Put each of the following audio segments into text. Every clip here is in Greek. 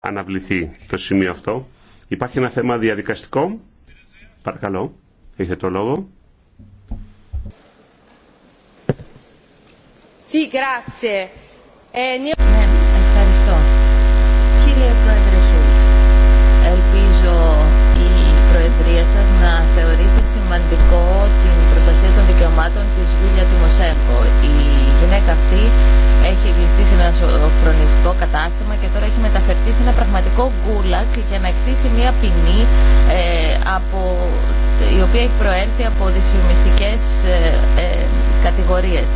αναβληθεί το σημείο αυτό. Υπάρχει ένα θέμα διαδικαστικό. Παρακαλώ, έχετε το λόγο. Ε, ναι, ευχαριστώ. Κύριε Πρόεδρε Σούλς, ελπίζω η Προεδρία σας να θεωρήσει σημαντικό την προστασία των δικαιωμάτων της του Τιμοσέγκο. Η γυναίκα αυτή έχει ληφθεί σε ένα σοφρονιστικό κατάστημα και τώρα έχει μεταφερθεί σε ένα πραγματικό γκούλακ για να εκτίσει μια ποινή ε, από, η οποία έχει προέρθει από δυσφημιστικές ε, ε, κατηγορίες.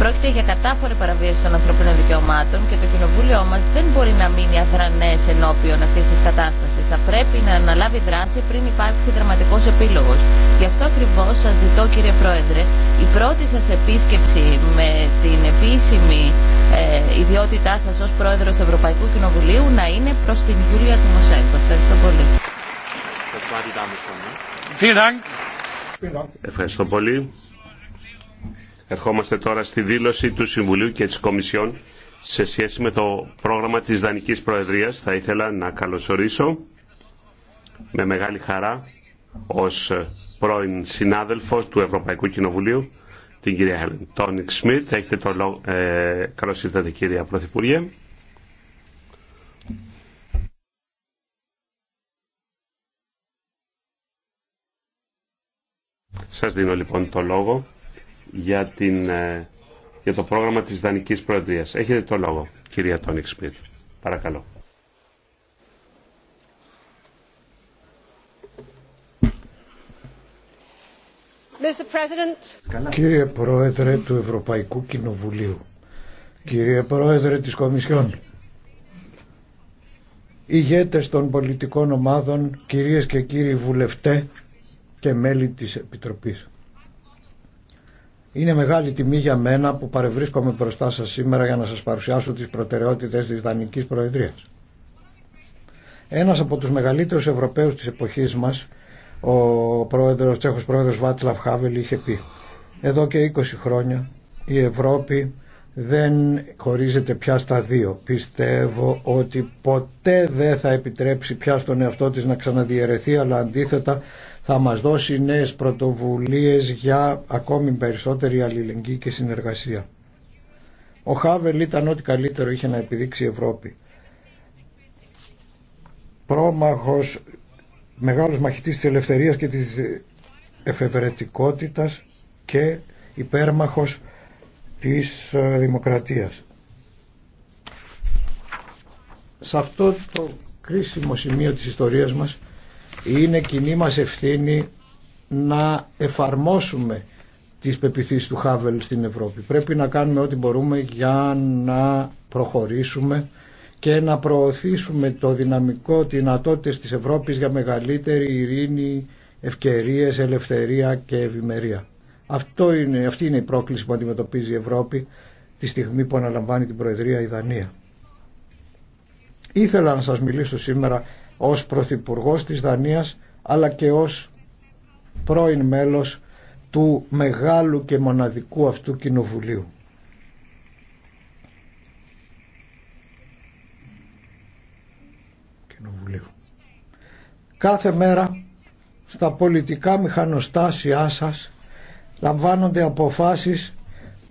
Πρόκειται για κατάφορη παραβίαση των ανθρωπίνων δικαιωμάτων και το κοινοβούλιο μας δεν μπορεί να μείνει αθρανές ενώπιον αυτής της κατάστασης. Θα πρέπει να αναλάβει δράση πριν υπάρξει δραματικός επίλογος. Γι' αυτό ακριβώς σας ζητώ κύριε Πρόεδρε, η πρώτη σας επίσκεψη με την επίσημη η ε, ιδιότητά σας ως πρόεδρος του Ευρωπαϊκού Κοινοβουλίου να είναι προς την Γιούλια Τιμοσέκο. Ευχαριστώ πολύ. Ευχαριστώ πολύ. Ερχόμαστε τώρα στη δήλωση του Συμβουλίου και της Κομισιόν σε σχέση με το πρόγραμμα της Δανικής Προεδρίας. Θα ήθελα να καλωσορίσω με μεγάλη χαρά ως πρώην συνάδελφος του Ευρωπαϊκού Κοινοβουλίου την κυρία Χέλεν Τόνικ Σμιτ. Έχετε το λόγο. Ε, καλώς ήρθατε κυρία Πρωθυπουργέ. Σας δίνω λοιπόν το λόγο για, την, ε, για το πρόγραμμα της Δανικής Προεδρίας. Έχετε το λόγο, κυρία Τόνικ Σμιτ. Παρακαλώ. Κύριε Πρόεδρε του Ευρωπαϊκού Κοινοβουλίου, κύριε Πρόεδρε της Κομισιόν, ηγέτες των πολιτικών ομάδων, κυρίες και κύριοι βουλευτέ και μέλη της Επιτροπής. Είναι μεγάλη τιμή για μένα που παρευρίσκομαι μπροστά σας σήμερα για να σας παρουσιάσω τις προτεραιότητες της Δανικής Προεδρίας. Ένας από τους μεγαλύτερους Ευρωπαίους της εποχής μας ο πρόεδρος, τσέχος πρόεδρος Βάτσλαβ Χάβελ είχε πει. Εδώ και 20 χρόνια η Ευρώπη δεν χωρίζεται πια στα δύο. Πιστεύω ότι ποτέ δεν θα επιτρέψει πια στον εαυτό της να ξαναδιαιρεθεί, αλλά αντίθετα θα μας δώσει νέες πρωτοβουλίες για ακόμη περισσότερη αλληλεγγύη και συνεργασία. Ο Χάβελ ήταν ό,τι καλύτερο είχε να επιδείξει η Ευρώπη. Πρόμαχος μεγάλος μαχητής της ελευθερίας και της εφευρετικότητας και υπέρμαχος της ε, δημοκρατίας. Σε αυτό το κρίσιμο σημείο της ιστορίας μας είναι κοινή μας ευθύνη να εφαρμόσουμε τις πεπιθήσεις του Χάβελ στην Ευρώπη. Πρέπει να κάνουμε ό,τι μπορούμε για να προχωρήσουμε και να προωθήσουμε το δυναμικό δυνατότητε της Ευρώπης για μεγαλύτερη ειρήνη, ευκαιρίες, ελευθερία και ευημερία. Αυτό είναι, αυτή είναι η πρόκληση που αντιμετωπίζει η Ευρώπη τη στιγμή που αναλαμβάνει την Προεδρία η Δανία. Ήθελα να σας μιλήσω σήμερα ως Πρωθυπουργό της Δανίας αλλά και ως πρώην μέλος του μεγάλου και μοναδικού αυτού κοινοβουλίου. Κάθε μέρα στα πολιτικά μηχανοστάσια σας λαμβάνονται αποφάσεις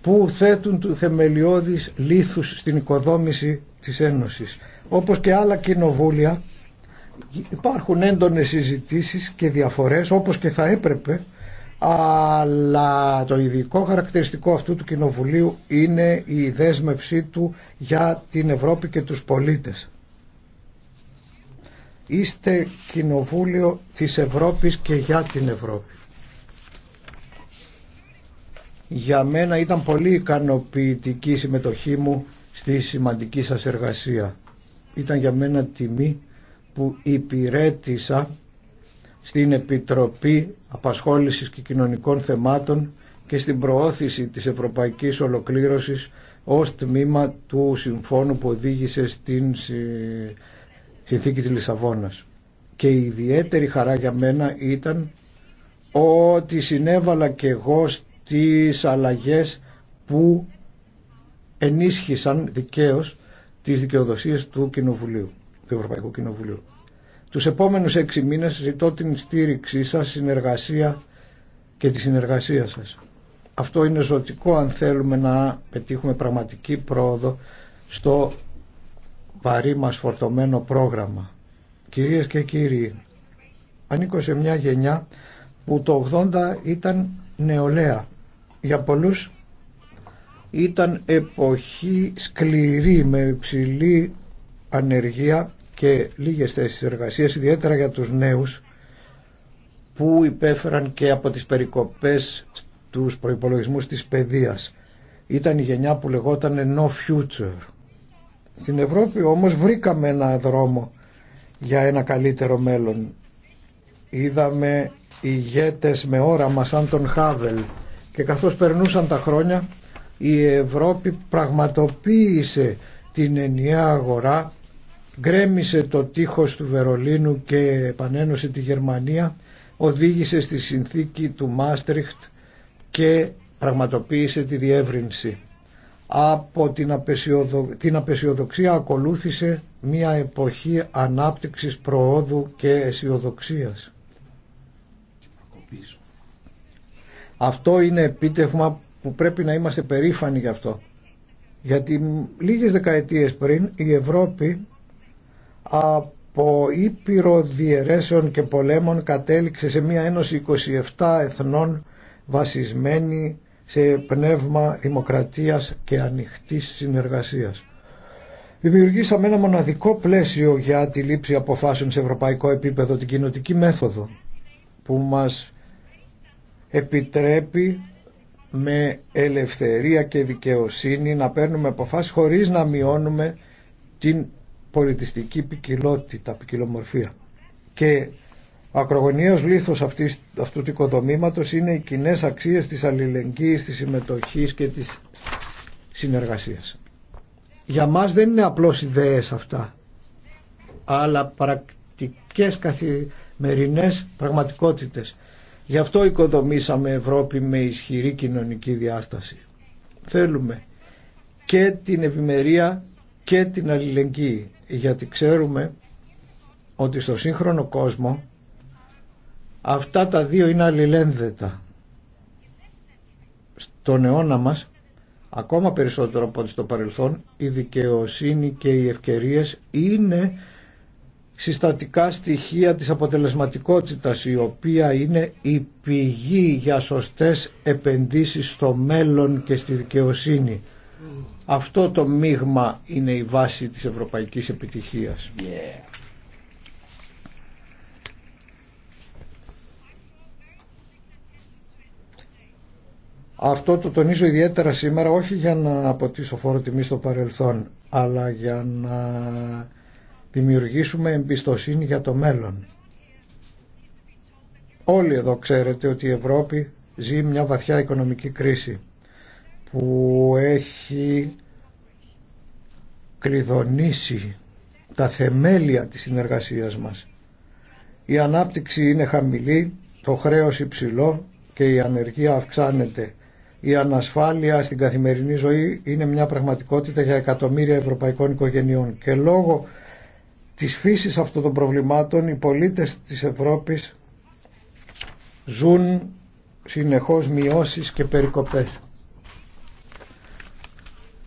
που θέτουν του θεμελιώδης λήθους στην οικοδόμηση της Ένωσης. Όπως και άλλα κοινοβούλια υπάρχουν έντονες συζητήσεις και διαφορές όπως και θα έπρεπε αλλά το ειδικό χαρακτηριστικό αυτού του κοινοβουλίου είναι η δέσμευσή του για την Ευρώπη και τους πολίτες. Είστε κοινοβούλιο της Ευρώπης και για την Ευρώπη. Για μένα ήταν πολύ ικανοποιητική η συμμετοχή μου στη σημαντική σας εργασία. Ήταν για μένα τιμή που υπηρέτησα στην Επιτροπή Απασχόλησης και Κοινωνικών Θεμάτων και στην προώθηση της Ευρωπαϊκής Ολοκλήρωσης ως τμήμα του συμφώνου που οδήγησε στην συνθήκη της Λισαβόνας. Και η ιδιαίτερη χαρά για μένα ήταν ότι συνέβαλα και εγώ στις αλλαγές που ενίσχυσαν δικαίως τις δικαιοδοσίες του Κοινοβουλίου, του Ευρωπαϊκού Κοινοβουλίου. Τους επόμενους έξι μήνες ζητώ την στήριξή σας, συνεργασία και τη συνεργασία σας. Αυτό είναι ζωτικό αν θέλουμε να πετύχουμε πραγματική πρόοδο στο βαρύ μα φορτωμένο πρόγραμμα. Κυρίες και κύριοι, ανήκω σε μια γενιά που το 80 ήταν νεολαία. Για πολλούς ήταν εποχή σκληρή με υψηλή ανεργία και λίγες θέσεις εργασίας, ιδιαίτερα για τους νέους που υπέφεραν και από τις περικοπές τους προϋπολογισμούς της παιδείας. Ήταν η γενιά που λεγόταν no future στην Ευρώπη όμως βρήκαμε ένα δρόμο για ένα καλύτερο μέλλον. Είδαμε ηγέτες με όραμα σαν τον Χάβελ και καθώς περνούσαν τα χρόνια η Ευρώπη πραγματοποίησε την ενιαία αγορά γκρέμισε το τείχος του Βερολίνου και επανένωσε τη Γερμανία οδήγησε στη συνθήκη του Μάστριχτ και πραγματοποίησε τη διεύρυνση. Από την, απεσιοδοξία ακολούθησε μία εποχή ανάπτυξης προόδου και αισιοδοξία. Αυτό είναι επίτευγμα που πρέπει να είμαστε περήφανοι γι' αυτό. Γιατί λίγες δεκαετίες πριν η Ευρώπη από ήπειρο διαιρέσεων και πολέμων κατέληξε σε μία ένωση 27 εθνών βασισμένη σε πνεύμα δημοκρατίας και ανοιχτής συνεργασίας. Δημιουργήσαμε ένα μοναδικό πλαίσιο για τη λήψη αποφάσεων σε ευρωπαϊκό επίπεδο, την κοινοτική μέθοδο, που μας επιτρέπει με ελευθερία και δικαιοσύνη να παίρνουμε αποφάσεις χωρίς να μειώνουμε την πολιτιστική ποικιλότητα, ποικιλομορφία. Και Ακρογωνίως λίθος αυτής, αυτού του οικοδομήματος είναι οι κοινέ αξίες της αλληλεγγύης, της συμμετοχής και της συνεργασίας. Για μας δεν είναι απλώς ιδέες αυτά, αλλά πρακτικές καθημερινές πραγματικότητες. Γι' αυτό οικοδομήσαμε Ευρώπη με ισχυρή κοινωνική διάσταση. Θέλουμε και την ευημερία και την αλληλεγγύη, γιατί ξέρουμε ότι στο σύγχρονο κόσμο Αυτά τα δύο είναι αλληλένδετα. Στον αιώνα μας, ακόμα περισσότερο από ό,τι στο παρελθόν, η δικαιοσύνη και οι ευκαιρίες είναι συστατικά στοιχεία της αποτελεσματικότητας η οποία είναι η πηγή για σωστές επενδύσεις στο μέλλον και στη δικαιοσύνη. Αυτό το μείγμα είναι η βάση της ευρωπαϊκής επιτυχίας. Αυτό το τονίζω ιδιαίτερα σήμερα όχι για να αποτίσω φόρο τιμή στο παρελθόν αλλά για να δημιουργήσουμε εμπιστοσύνη για το μέλλον. Όλοι εδώ ξέρετε ότι η Ευρώπη ζει μια βαθιά οικονομική κρίση που έχει κλειδονίσει τα θεμέλια της συνεργασίας μας. Η ανάπτυξη είναι χαμηλή, το χρέος υψηλό και η ανεργία αυξάνεται. Η ανασφάλεια στην καθημερινή ζωή είναι μια πραγματικότητα για εκατομμύρια ευρωπαϊκών οικογενειών και λόγω της φύσης αυτών των προβλημάτων οι πολίτες της Ευρώπης ζουν συνεχώς μειώσεις και περικοπές.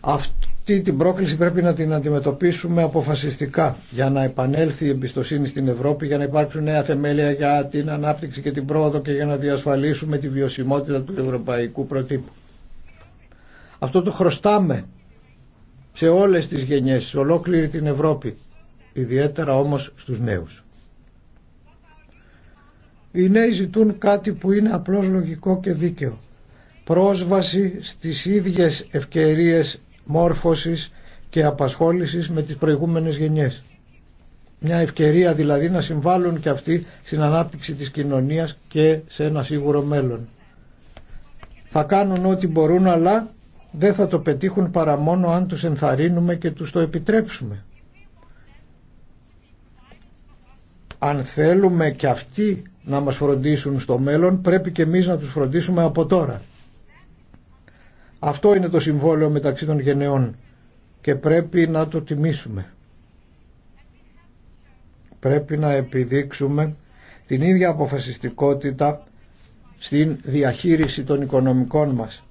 Αυτό την πρόκληση πρέπει να την αντιμετωπίσουμε αποφασιστικά για να επανέλθει η εμπιστοσύνη στην Ευρώπη, για να υπάρξουν νέα θεμέλια για την ανάπτυξη και την πρόοδο και για να διασφαλίσουμε τη βιωσιμότητα του ευρωπαϊκού προτύπου. Αυτό το χρωστάμε σε όλες τις γενιές, σε ολόκληρη την Ευρώπη, ιδιαίτερα όμως στους νέους. Οι νέοι ζητούν κάτι που είναι απλώς λογικό και δίκαιο. Πρόσβαση στις ίδιες ευκαιρίες μόρφωσης και απασχόλησης με τις προηγούμενες γενιές. Μια ευκαιρία δηλαδή να συμβάλλουν και αυτοί στην ανάπτυξη της κοινωνίας και σε ένα σίγουρο μέλλον. Θα κάνουν ό,τι μπορούν αλλά δεν θα το πετύχουν παρά μόνο αν τους ενθαρρύνουμε και τους το επιτρέψουμε. Αν θέλουμε και αυτοί να μας φροντίσουν στο μέλλον πρέπει και εμείς να τους φροντίσουμε από τώρα. Αυτό είναι το συμβόλαιο μεταξύ των γενεών και πρέπει να το τιμήσουμε. Πρέπει να επιδείξουμε την ίδια αποφασιστικότητα στην διαχείριση των οικονομικών μας.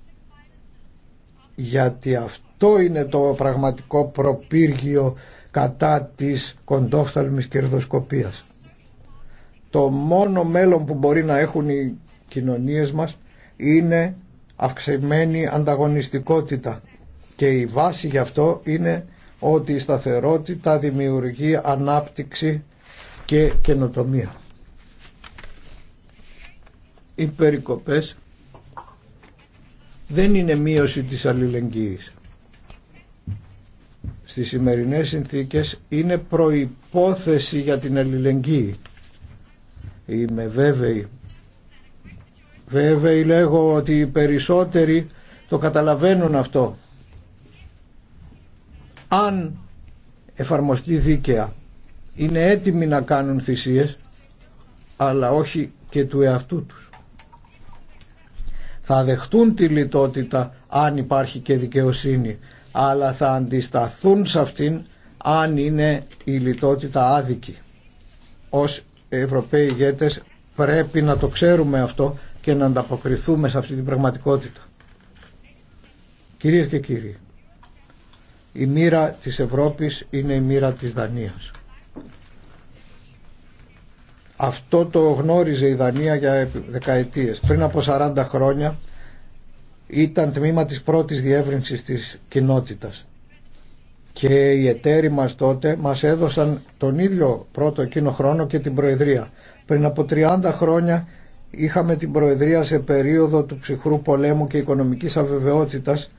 Γιατί αυτό είναι το πραγματικό προπύργιο κατά της κοντόφθαλμης κερδοσκοπίας. Το μόνο μέλλον που μπορεί να έχουν οι κοινωνίες μας είναι αυξημένη ανταγωνιστικότητα και η βάση γι' αυτό είναι ότι η σταθερότητα δημιουργεί ανάπτυξη και καινοτομία. Οι περικοπές δεν είναι μείωση της αλληλεγγύης. Στις σημερινές συνθήκες είναι προϋπόθεση για την αλληλεγγύη. Είμαι βέβαιη Βέβαια λέγω ότι οι περισσότεροι το καταλαβαίνουν αυτό. Αν εφαρμοστεί δίκαια, είναι έτοιμοι να κάνουν θυσίες, αλλά όχι και του εαυτού τους. Θα δεχτούν τη λιτότητα αν υπάρχει και δικαιοσύνη, αλλά θα αντισταθούν σε αυτήν αν είναι η λιτότητα άδικη. Ως Ευρωπαίοι ηγέτες πρέπει να το ξέρουμε αυτό και να ανταποκριθούμε σε αυτή την πραγματικότητα. Κυρίες και κύριοι, η μοίρα της Ευρώπης είναι η μοίρα της Δανίας. Αυτό το γνώριζε η Δανία για δεκαετίες. Πριν από 40 χρόνια ήταν τμήμα της πρώτης διεύρυνσης της κοινότητας και οι εταίροι μας τότε μας έδωσαν τον ίδιο πρώτο εκείνο χρόνο και την Προεδρία. Πριν από 30 χρόνια είχαμε την Προεδρία σε περίοδο του ψυχρού πολέμου και οικονομικής αβεβαιότητας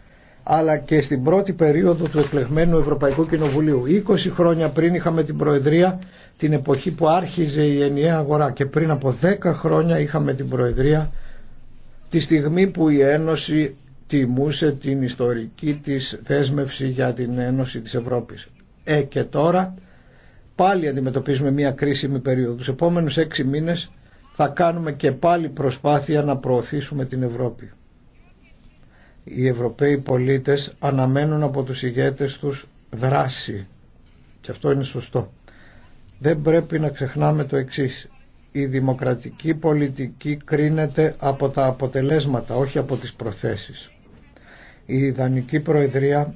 αλλά και στην πρώτη περίοδο του εκλεγμένου Ευρωπαϊκού Κοινοβουλίου. 20 χρόνια πριν είχαμε την Προεδρία την εποχή που άρχιζε η ενιαία αγορά και πριν από 10 χρόνια είχαμε την Προεδρία τη στιγμή που η Ένωση τιμούσε την ιστορική της δέσμευση για την Ένωση της Ευρώπης. Ε, και τώρα πάλι αντιμετωπίζουμε μια κρίσιμη περίοδο. Τους επόμενους 6 μήνες θα κάνουμε και πάλι προσπάθεια να προωθήσουμε την Ευρώπη. Οι Ευρωπαίοι πολίτες αναμένουν από τους ηγέτες τους δράση και αυτό είναι σωστό. Δεν πρέπει να ξεχνάμε το εξής. Η δημοκρατική πολιτική κρίνεται από τα αποτελέσματα, όχι από τις προθέσεις. Η Ιδανική Προεδρία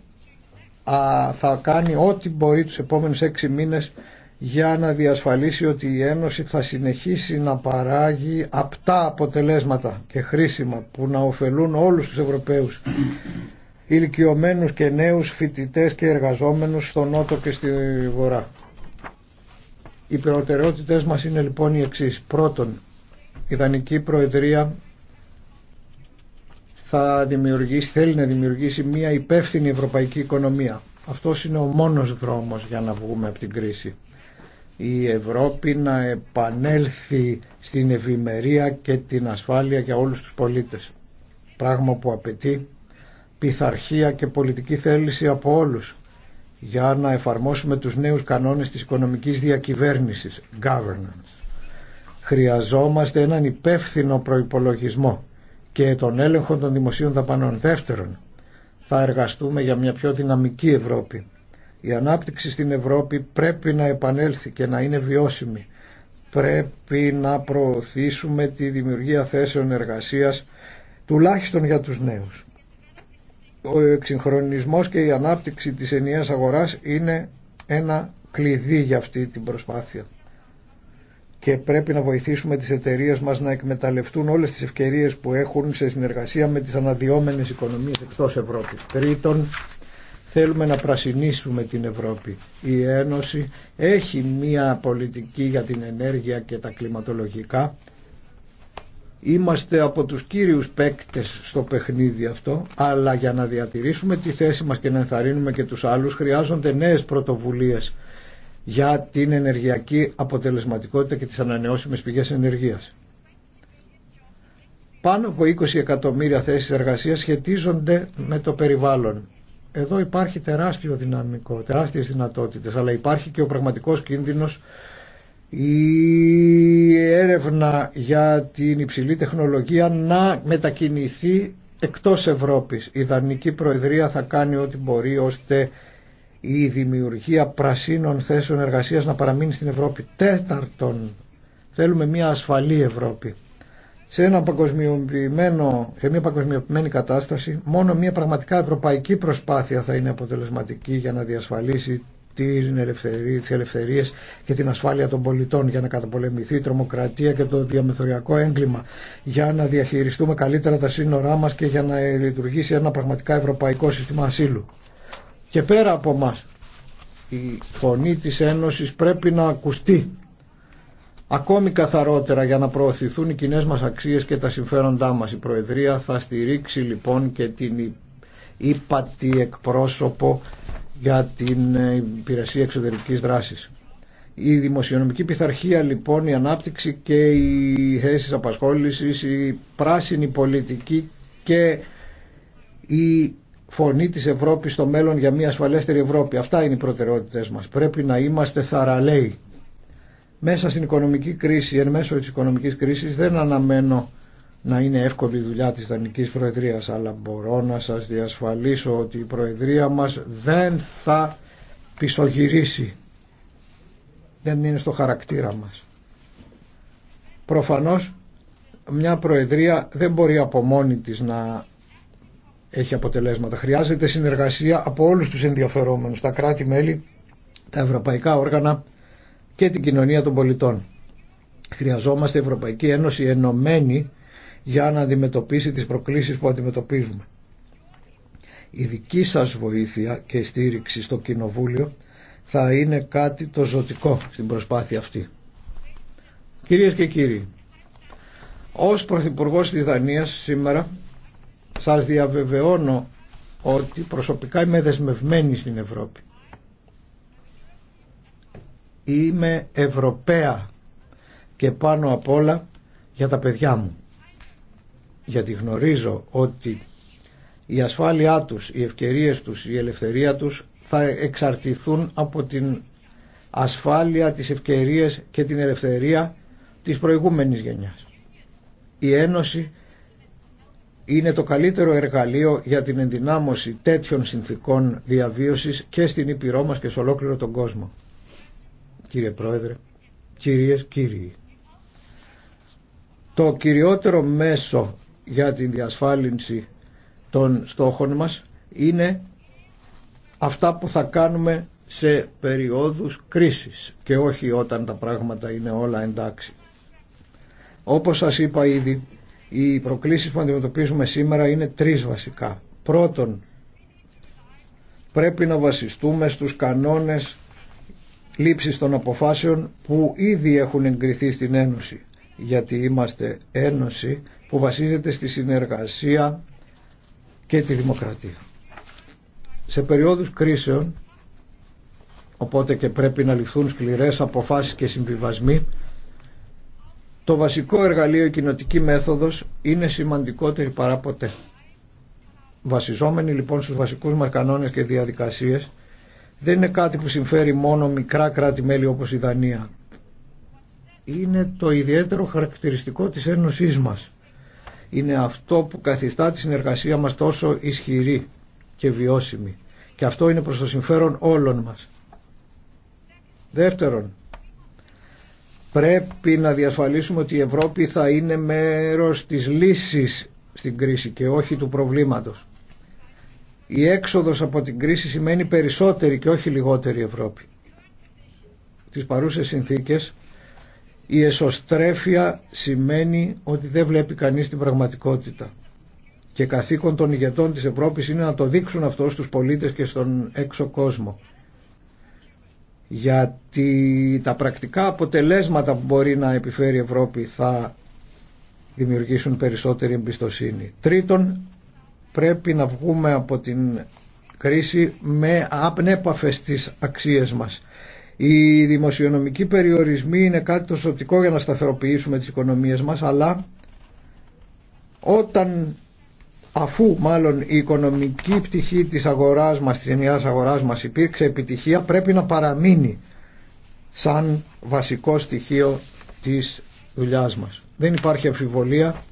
α, θα κάνει ό,τι μπορεί τους επόμενους έξι μήνες για να διασφαλίσει ότι η Ένωση θα συνεχίσει να παράγει απτά αποτελέσματα και χρήσιμα που να ωφελούν όλους τους Ευρωπαίους ηλικιωμένους και νέους φοιτητές και εργαζόμενους στον Νότο και στη Βορρά. Οι προτεραιότητες μας είναι λοιπόν οι εξής. Πρώτον, η Δανική Προεδρία θα δημιουργήσει, θέλει να δημιουργήσει μια υπεύθυνη ευρωπαϊκή οικονομία. Αυτός είναι ο μόνος δρόμος για να βγούμε από την κρίση η Ευρώπη να επανέλθει στην ευημερία και την ασφάλεια για όλους τους πολίτες. Πράγμα που απαιτεί πειθαρχία και πολιτική θέληση από όλους για να εφαρμόσουμε τους νέους κανόνες της οικονομικής διακυβέρνησης, governance. Χρειαζόμαστε έναν υπεύθυνο προϋπολογισμό και τον έλεγχο των δημοσίων δαπανών. Δεύτερον, θα εργαστούμε για μια πιο δυναμική Ευρώπη η ανάπτυξη στην Ευρώπη πρέπει να επανέλθει και να είναι βιώσιμη. Πρέπει να προωθήσουμε τη δημιουργία θέσεων εργασίας τουλάχιστον για τους νέους. Ο εξυγχρονισμός και η ανάπτυξη της ενιαίας αγοράς είναι ένα κλειδί για αυτή την προσπάθεια και πρέπει να βοηθήσουμε τις εταιρείες μας να εκμεταλλευτούν όλες τις ευκαιρίες που έχουν σε συνεργασία με τις αναδυόμενες οικονομίες εκτός Ευρώπης. Τρίτον, θέλουμε να πρασινίσουμε την Ευρώπη. Η Ένωση έχει μία πολιτική για την ενέργεια και τα κλιματολογικά. Είμαστε από τους κύριους παίκτες στο παιχνίδι αυτό, αλλά για να διατηρήσουμε τη θέση μας και να ενθαρρύνουμε και τους άλλους χρειάζονται νέες πρωτοβουλίες για την ενεργειακή αποτελεσματικότητα και τις ανανεώσιμες πηγές ενεργείας. Πάνω από 20 εκατομμύρια θέσεις εργασίας σχετίζονται με το περιβάλλον εδώ υπάρχει τεράστιο δυναμικό, τεράστιες δυνατότητες, αλλά υπάρχει και ο πραγματικός κίνδυνος η έρευνα για την υψηλή τεχνολογία να μετακινηθεί εκτός Ευρώπης. Η Δανική Προεδρία θα κάνει ό,τι μπορεί ώστε η δημιουργία πρασίνων θέσεων εργασίας να παραμείνει στην Ευρώπη. Τέταρτον, θέλουμε μια ασφαλή Ευρώπη σε, ένα παγκοσμιοποιημένο, σε μια παγκοσμιοποιημένη κατάσταση μόνο μια πραγματικά ευρωπαϊκή προσπάθεια θα είναι αποτελεσματική για να διασφαλίσει τις ελευθερίες και την ασφάλεια των πολιτών για να καταπολεμηθεί η τρομοκρατία και το διαμεθοριακό έγκλημα για να διαχειριστούμε καλύτερα τα σύνορά μας και για να λειτουργήσει ένα πραγματικά ευρωπαϊκό σύστημα ασύλου και πέρα από μας η φωνή της Ένωσης πρέπει να ακουστεί ακόμη καθαρότερα για να προωθηθούν οι κοινέ μας αξίες και τα συμφέροντά μας. Η Προεδρία θα στηρίξει λοιπόν και την ύπατη εκπρόσωπο για την ε, υπηρεσία εξωτερικής δράσης. Η δημοσιονομική πειθαρχία λοιπόν, η ανάπτυξη και οι θέσει απασχόλησης, η πράσινη πολιτική και η φωνή της Ευρώπης στο μέλλον για μια ασφαλέστερη Ευρώπη. Αυτά είναι οι προτεραιότητες μας. Πρέπει να είμαστε θαραλέοι μέσα στην οικονομική κρίση, εν μέσω της οικονομικής κρίσης δεν αναμένω να είναι εύκολη η δουλειά της Δανικής Προεδρίας αλλά μπορώ να σας διασφαλίσω ότι η Προεδρία μας δεν θα πισωγυρίσει δεν είναι στο χαρακτήρα μας προφανώς μια Προεδρία δεν μπορεί από μόνη της να έχει αποτελέσματα χρειάζεται συνεργασία από όλους τους ενδιαφερόμενους τα κράτη-μέλη, τα ευρωπαϊκά όργανα και την κοινωνία των πολιτών. Χρειαζόμαστε Ευρωπαϊκή Ένωση ενωμένη για να αντιμετωπίσει τις προκλήσεις που αντιμετωπίζουμε. Η δική σας βοήθεια και στήριξη στο Κοινοβούλιο θα είναι κάτι το ζωτικό στην προσπάθεια αυτή. Κυρίες και κύριοι, ως Πρωθυπουργό τη Δανία σήμερα σας διαβεβαιώνω ότι προσωπικά είμαι δεσμευμένη στην Ευρώπη είμαι Ευρωπαία και πάνω απ' όλα για τα παιδιά μου. Γιατί γνωρίζω ότι η ασφάλειά τους, οι ευκαιρίες τους, η ελευθερία τους θα εξαρτηθούν από την ασφάλεια, τις ευκαιρίες και την ελευθερία της προηγούμενης γενιάς. Η Ένωση είναι το καλύτερο εργαλείο για την ενδυνάμωση τέτοιων συνθήκων διαβίωσης και στην Ήπειρό μας και σε ολόκληρο τον κόσμο κύριε Πρόεδρε, κυρίες, κύριοι. Το κυριότερο μέσο για την διασφάλιση των στόχων μας είναι αυτά που θα κάνουμε σε περιόδους κρίσης και όχι όταν τα πράγματα είναι όλα εντάξει. Όπως σας είπα ήδη, οι προκλήσεις που αντιμετωπίζουμε σήμερα είναι τρεις βασικά. Πρώτον, πρέπει να βασιστούμε στους κανόνες Λήψη των αποφάσεων που ήδη έχουν εγκριθεί στην Ένωση γιατί είμαστε Ένωση που βασίζεται στη συνεργασία και τη δημοκρατία. Σε περίοδους κρίσεων οπότε και πρέπει να ληφθούν σκληρές αποφάσεις και συμβιβασμοί το βασικό εργαλείο η κοινοτική μέθοδος είναι σημαντικότερη παρά ποτέ. Βασιζόμενοι λοιπόν στους βασικούς μας κανόνες και διαδικασίες δεν είναι κάτι που συμφέρει μόνο μικρά κράτη-μέλη όπως η Δανία. Είναι το ιδιαίτερο χαρακτηριστικό της Ένωσής μας. Είναι αυτό που καθιστά τη συνεργασία μας τόσο ισχυρή και βιώσιμη. Και αυτό είναι προς το συμφέρον όλων μας. Δεύτερον, πρέπει να διασφαλίσουμε ότι η Ευρώπη θα είναι μέρος της λύσης στην κρίση και όχι του προβλήματος. Η έξοδος από την κρίση σημαίνει περισσότερη και όχι λιγότερη Ευρώπη. Τις παρούσες συνθήκες η εσωστρέφεια σημαίνει ότι δεν βλέπει κανείς την πραγματικότητα. Και καθήκον των ηγετών της Ευρώπης είναι να το δείξουν αυτό στους πολίτες και στον έξω κόσμο. Γιατί τα πρακτικά αποτελέσματα που μπορεί να επιφέρει η Ευρώπη θα δημιουργήσουν περισσότερη εμπιστοσύνη. Τρίτον, πρέπει να βγούμε από την κρίση με απνέπαφες τις αξίες μας. Οι δημοσιονομικοί περιορισμοί είναι κάτι το σωτικό για να σταθεροποιήσουμε τις οικονομίες μας, αλλά όταν αφού μάλλον η οικονομική πτυχή της αγοράς μα, της αγοράς μας υπήρξε επιτυχία, πρέπει να παραμείνει σαν βασικό στοιχείο της δουλειάς μας. Δεν υπάρχει αμφιβολία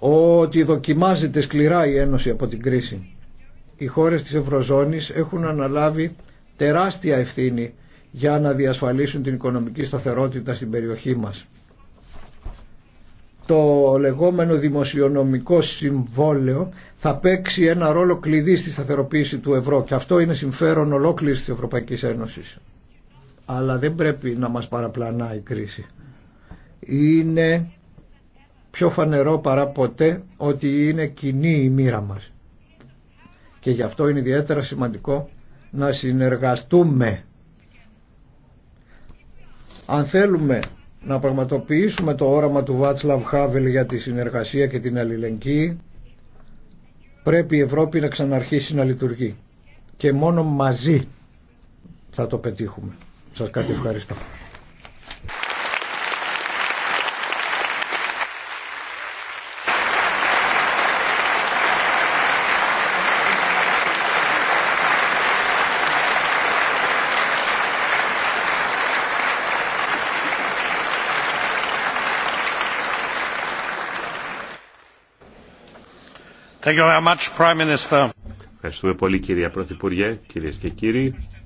ότι δοκιμάζεται σκληρά η Ένωση από την κρίση. Οι χώρες της Ευρωζώνης έχουν αναλάβει τεράστια ευθύνη για να διασφαλίσουν την οικονομική σταθερότητα στην περιοχή μας. Το λεγόμενο δημοσιονομικό συμβόλαιο θα παίξει ένα ρόλο κλειδί στη σταθεροποίηση του ευρώ και αυτό είναι συμφέρον ολόκληρης της Ευρωπαϊκής Ένωσης. Αλλά δεν πρέπει να μας παραπλανά η κρίση. Είναι πιο φανερό παρά ποτέ ότι είναι κοινή η μοίρα μας. Και γι' αυτό είναι ιδιαίτερα σημαντικό να συνεργαστούμε. Αν θέλουμε να πραγματοποιήσουμε το όραμα του Βάτσλαβ Χάβελ για τη συνεργασία και την αλληλεγγύη, πρέπει η Ευρώπη να ξαναρχίσει να λειτουργεί. Και μόνο μαζί θα το πετύχουμε. Σας κάτι ευχαριστώ. Ευχαριστούμε πολύ κυρία Πρωθυπουργέ, κυρίες και κύριοι.